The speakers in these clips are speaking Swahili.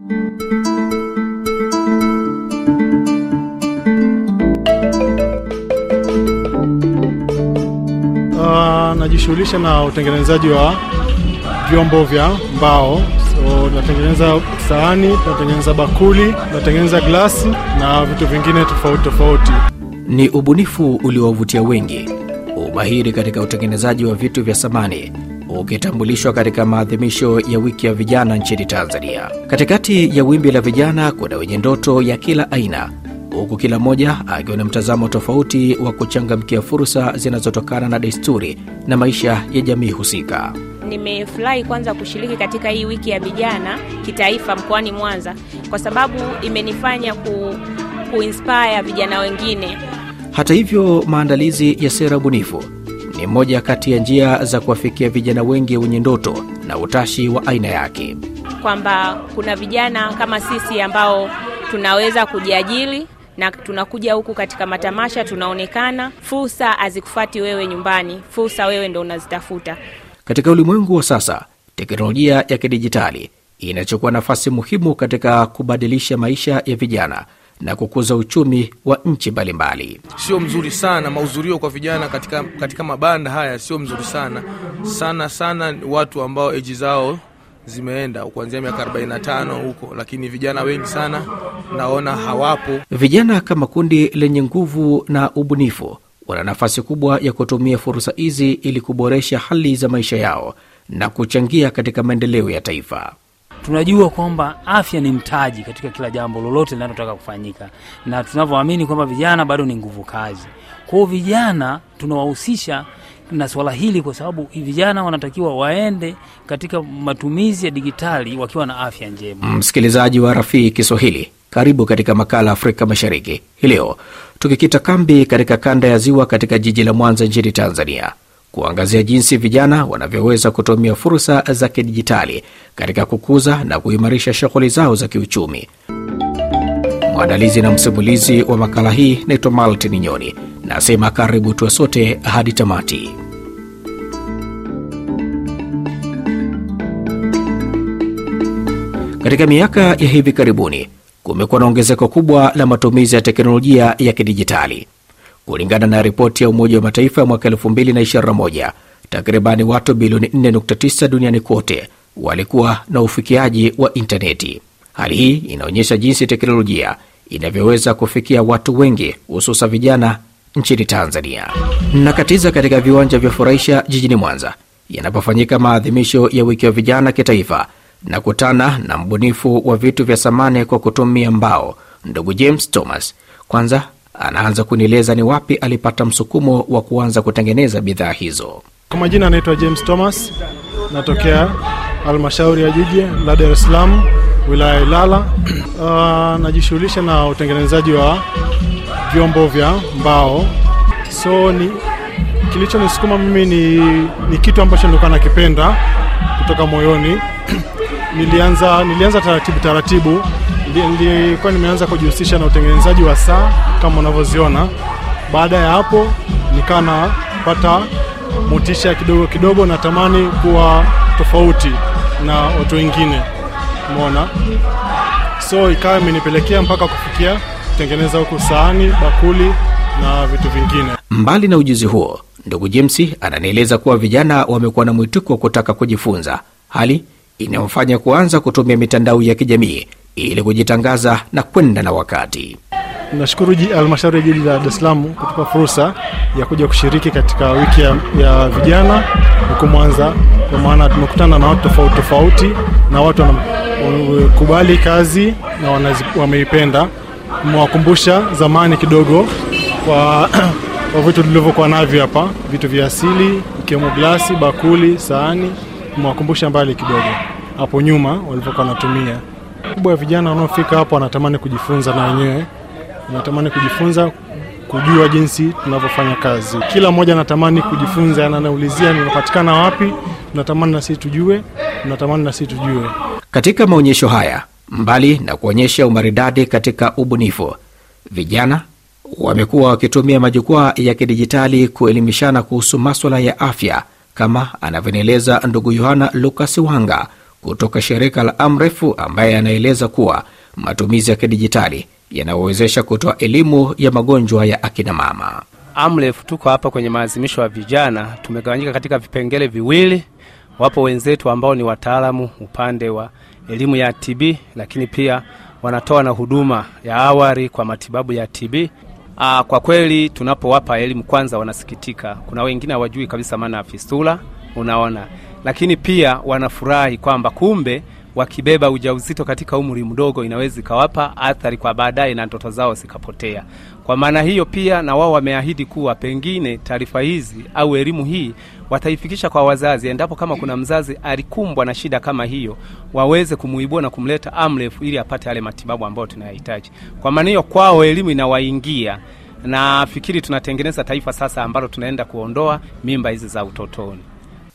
Uh, najishughulisha na utengenezaji wa vyombo vya mbao. So natengeneza sahani, natengeneza bakuli, natengeneza glasi na vitu vingine tofauti tofauti. Ni ubunifu uliowavutia wengi, umahiri katika utengenezaji wa vitu vya samani ukitambulishwa katika maadhimisho ya wiki ya vijana nchini Tanzania. Katikati ya wimbi la vijana kuna wenye ndoto ya kila aina, huku kila mmoja akiwa na mtazamo tofauti wa kuchangamkia fursa zinazotokana na desturi na maisha ya jamii husika. Nimefurahi kwanza kushiriki katika hii wiki ya vijana kitaifa mkoani Mwanza kwa sababu imenifanya ku, kuinspire vijana wengine. Hata hivyo, maandalizi ya sera bunifu ni moja kati ya njia za kuwafikia vijana wengi wenye ndoto na utashi wa aina yake, kwamba kuna vijana kama sisi ambao tunaweza kujiajili na tunakuja huku katika matamasha tunaonekana. Fursa hazikufati wewe nyumbani, fursa wewe ndo unazitafuta. Katika ulimwengu wa sasa, teknolojia ya kidijitali inachukua nafasi muhimu katika kubadilisha maisha ya vijana na kukuza uchumi wa nchi mbalimbali. Sio mzuri sana mahudhurio kwa vijana katika, katika mabanda haya sio mzuri sana sana sana, watu ambao eji zao zimeenda kuanzia miaka 45 huko, lakini vijana wengi sana naona hawapo. Vijana kama kundi lenye nguvu na ubunifu wana nafasi kubwa ya kutumia fursa hizi ili kuboresha hali za maisha yao na kuchangia katika maendeleo ya taifa tunajua kwamba afya ni mtaji katika kila jambo lolote linalotaka kufanyika, na tunavyoamini kwamba vijana bado ni nguvu kazi. Kwa hiyo vijana tunawahusisha na swala hili kwa sababu vijana wanatakiwa waende katika matumizi ya dijitali wakiwa na afya njema. Msikilizaji wa Rafii Kiswahili, karibu katika makala Afrika Mashariki hii leo, tukikita kambi katika kanda ya Ziwa katika jiji la Mwanza nchini Tanzania kuangazia jinsi vijana wanavyoweza kutumia fursa za kidijitali katika kukuza na kuimarisha shughuli zao za kiuchumi. Mwandalizi na msimulizi wa makala hii naitwa Maltin Nyoni, nasema karibu tuwe sote hadi tamati. Katika miaka ya hivi karibuni kumekuwa na ongezeko kubwa la matumizi ya teknolojia ya kidijitali. Kulingana na ripoti ya Umoja wa Mataifa ya mwaka 2021, takribani watu bilioni 4.9 duniani kote walikuwa na ufikiaji wa intaneti. Hali hii inaonyesha jinsi teknolojia inavyoweza kufikia watu wengi, hususa vijana nchini Tanzania. Nakatiza katika viwanja vya furahisha jijini Mwanza yanapofanyika maadhimisho ya wiki ya vijana kitaifa na kutana na mbunifu wa vitu vya samani kwa kutumia mbao, ndugu James Thomas. Kwanza anaanza kunieleza ni wapi alipata msukumo wa kuanza kutengeneza bidhaa hizo. Kwa majina anaitwa James Thomas, natokea halmashauri ya jiji la Dar es Salaam, wilaya ya Ilala. Uh, najishughulisha na utengenezaji wa vyombo vya mbao. So ni kilichonisukuma mimi ni, ni kitu ambacho nilikuwa nakipenda kutoka moyoni. Nilianza, nilianza taratibu taratibu nilikuwa nimeanza kujihusisha na utengenezaji wa saa kama unavyoziona. Baada ya hapo, nikawa napata motisha kidogo kidogo, natamani kuwa tofauti na watu wengine, umeona. So ikawa imenipelekea mpaka kufikia kutengeneza huku sahani, bakuli na vitu vingine. Mbali na ujuzi huo, ndugu James ananieleza kuwa vijana wamekuwa na mwitiko wa kutaka kujifunza, hali inayofanya kuanza kutumia mitandao ya kijamii ili kujitangaza na kwenda na wakati. Nashukuru halmashauri ya jiji la Dar es Salaam kutupa fursa ya kuja kushiriki katika wiki ya, ya vijana huku Mwanza, kwa maana tumekutana na watu tofauti tofauti na watu wanakubali kazi na wameipenda. Mwakumbusha zamani kidogo kwa, kwa vitu tulivyokuwa navyo hapa, vitu vya asili ikiwemo glasi, bakuli, sahani. Mwakumbusha mbali kidogo hapo nyuma walivyokuwa wanatumia kubwa ya vijana wanaofika hapa wanatamani kujifunza na wenyewe, wanatamani kujifunza kujua jinsi tunavyofanya kazi. Kila mmoja anatamani kujifunza, anaulizia ninapatikana wapi, tunatamani na sisi tujue, tunatamani na sisi tujue. Katika maonyesho haya, mbali na kuonyesha umaridadi katika ubunifu, vijana wamekuwa wakitumia majukwaa ya kidijitali kuelimishana kuhusu maswala ya afya, kama anavyonieleza ndugu Yohana Lukas Wanga kutoka shirika la Amrefu ambaye anaeleza kuwa matumizi ya kidijitali yanawezesha kutoa elimu ya magonjwa ya akina mama. Amref, tuko hapa kwenye maazimisho ya vijana, tumegawanyika katika vipengele viwili. Wapo wenzetu ambao ni wataalamu upande wa elimu ya TB, lakini pia wanatoa na huduma ya awali kwa matibabu ya TB. Aa, ah, kwa kweli tunapowapa elimu kwanza wanasikitika. Kuna wengine hawajui kabisa maana ya fistula, unaona lakini pia wanafurahi kwamba kumbe wakibeba ujauzito katika umri mdogo inaweza ikawapa athari kwa baadaye na ndoto zao zikapotea. Kwa maana hiyo, pia na wao wameahidi kuwa pengine taarifa hizi au elimu hii wataifikisha kwa wazazi, endapo kama kuna mzazi alikumbwa na shida kama hiyo, waweze kumuibua na kumleta Amref ili apate yale matibabu ambayo tunayahitaji. Kwa maana hiyo, kwao elimu inawaingia, nafikiri tunatengeneza taifa sasa ambalo tunaenda kuondoa mimba hizi za utotoni.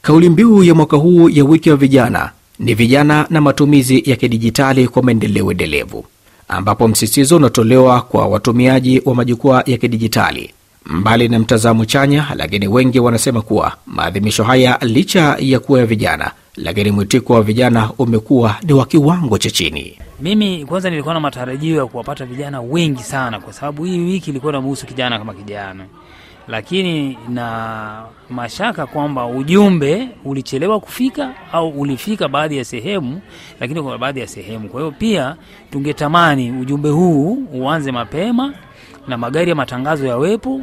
Kauli mbiu ya mwaka huu ya wiki ya vijana ni vijana na matumizi ya kidijitali kwa maendeleo endelevu, ambapo msisitizo unatolewa kwa watumiaji wa majukwaa ya kidijitali. Mbali na mtazamo chanya, lakini wengi wanasema kuwa maadhimisho haya licha ya kuwa ya vijana, lakini mwitiko wa vijana umekuwa ni wa kiwango cha chini. Mimi kwanza nilikuwa na matarajio ya kuwapata vijana wengi sana, kwa sababu hii wiki ilikuwa inamuhusu kijana kama kijana lakini na mashaka kwamba ujumbe ulichelewa kufika au ulifika baadhi ya sehemu, lakini kwa baadhi ya sehemu. Kwa hiyo pia tungetamani ujumbe huu uanze mapema na magari ya matangazo yawepo,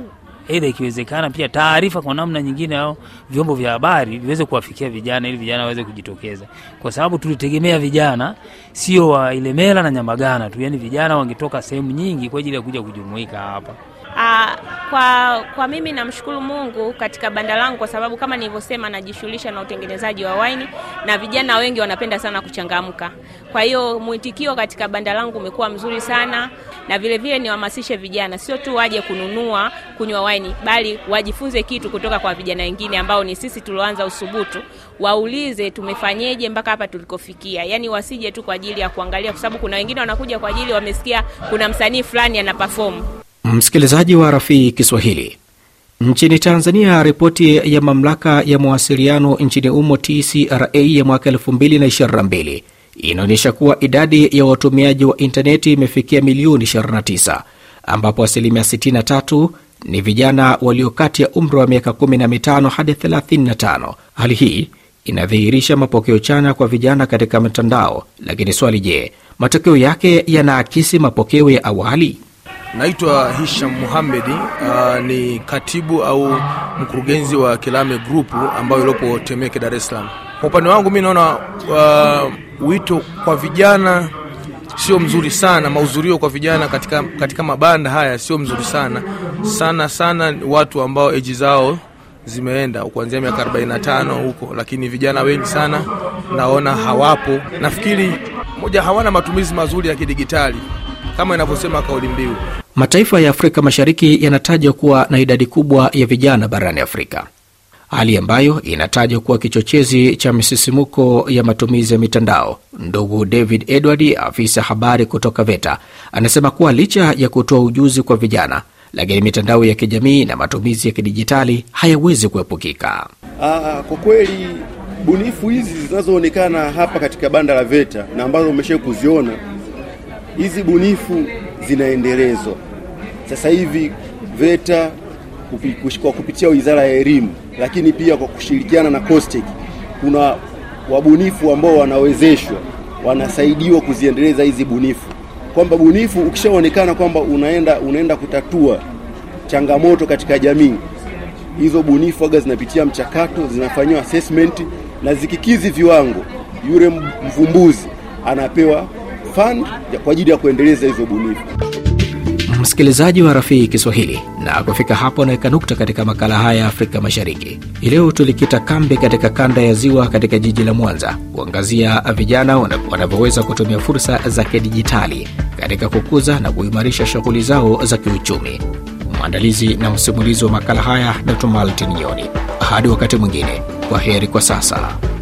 aidha ikiwezekana pia taarifa kwa namna nyingine, au vyombo vya habari viweze kuwafikia vijana ili vijana waweze kujitokeza, kwa sababu tulitegemea vijana sio wa Ilemela na Nyamagana tu, yani vijana wangetoka sehemu nyingi kwa ajili ya kuja kujumuika hapa. Ah, kwa, kwa mimi namshukuru Mungu katika banda langu kwa sababu kama nilivyosema najishughulisha na utengenezaji wa waini na vijana wengi wanapenda sana kuchangamka. Kwa hiyo mwitikio katika banda langu umekuwa mzuri sana na vilevile niwahamasishe vijana sio tu waje kununua kunywa waini bali wajifunze kitu kutoka kwa vijana wengine ambao ni sisi tulioanza usubutu, waulize tumefanyeje mpaka hapa tulikofikia. Yaani wasije tu kwa ajili ya kuangalia kwa sababu kuna wengine wanakuja kwa ajili wamesikia kuna msanii fulani anapafomu Msikilizaji wa Rafii Kiswahili, nchini Tanzania, ripoti ya mamlaka ya mawasiliano nchini humo TCRA ya mwaka 2022 inaonyesha kuwa idadi ya watumiaji wa intaneti imefikia milioni 29 ambapo asilimia 63 ni vijana walio kati ya umri wa miaka 15 hadi 35. Hali hii inadhihirisha mapokeo chana kwa vijana katika mtandao, lakini swali je, matokeo yake yanaakisi mapokeo ya awali? Naitwa Hisham Muhamedi. Uh, ni katibu au mkurugenzi wa Kilame Group ambayo iliopo Temeke, Dar es Salaam. Kwa upande wangu mi naona uh, wito kwa vijana sio mzuri sana, mahudhurio kwa vijana katika, katika mabanda haya sio mzuri sana sana sana, watu ambao eji zao zimeenda kuanzia miaka 45 huko, lakini vijana wengi sana naona hawapo. Nafikiri moja, hawana matumizi mazuri ya kidigitali kama inavyosema kauli mbiu. Mataifa ya Afrika Mashariki yanatajwa kuwa na idadi kubwa ya vijana barani Afrika, hali ambayo inatajwa kuwa kichochezi cha misisimuko ya matumizi ya mitandao. Ndugu David Edward, afisa habari kutoka VETA, anasema kuwa licha ya kutoa ujuzi kwa vijana, lakini mitandao ya kijamii na matumizi ya kidijitali hayawezi kuepukika. Ah, kwa kweli bunifu hizi zinazoonekana hapa katika banda la VETA na ambazo umesha kuziona hizi bunifu zinaendelezwa sasa hivi VETA kwa kupitia Wizara ya Elimu, lakini pia kwa kushirikiana na COSTECH kuna wabunifu ambao wanawezeshwa, wanasaidiwa kuziendeleza hizi bunifu, kwamba bunifu ukishaonekana kwamba unaenda, unaenda kutatua changamoto katika jamii, hizo bunifu aga zinapitia mchakato, zinafanyiwa assessment na zikikizi viwango, yule mvumbuzi anapewa fund kwa ajili ya kuendeleza hizo bunifu msikilizaji wa Rafii Kiswahili, na kufika hapo naweka nukta katika makala haya ya Afrika Mashariki. ileo leo tulikita kambi katika kanda ya Ziwa, katika jiji la Mwanza, kuangazia vijana wanavyoweza kutumia fursa za kidijitali katika kukuza na kuimarisha shughuli zao za kiuchumi. Mwandalizi na msimulizi wa makala haya natumaltinioni Hadi wakati mwingine, kwa heri kwa sasa.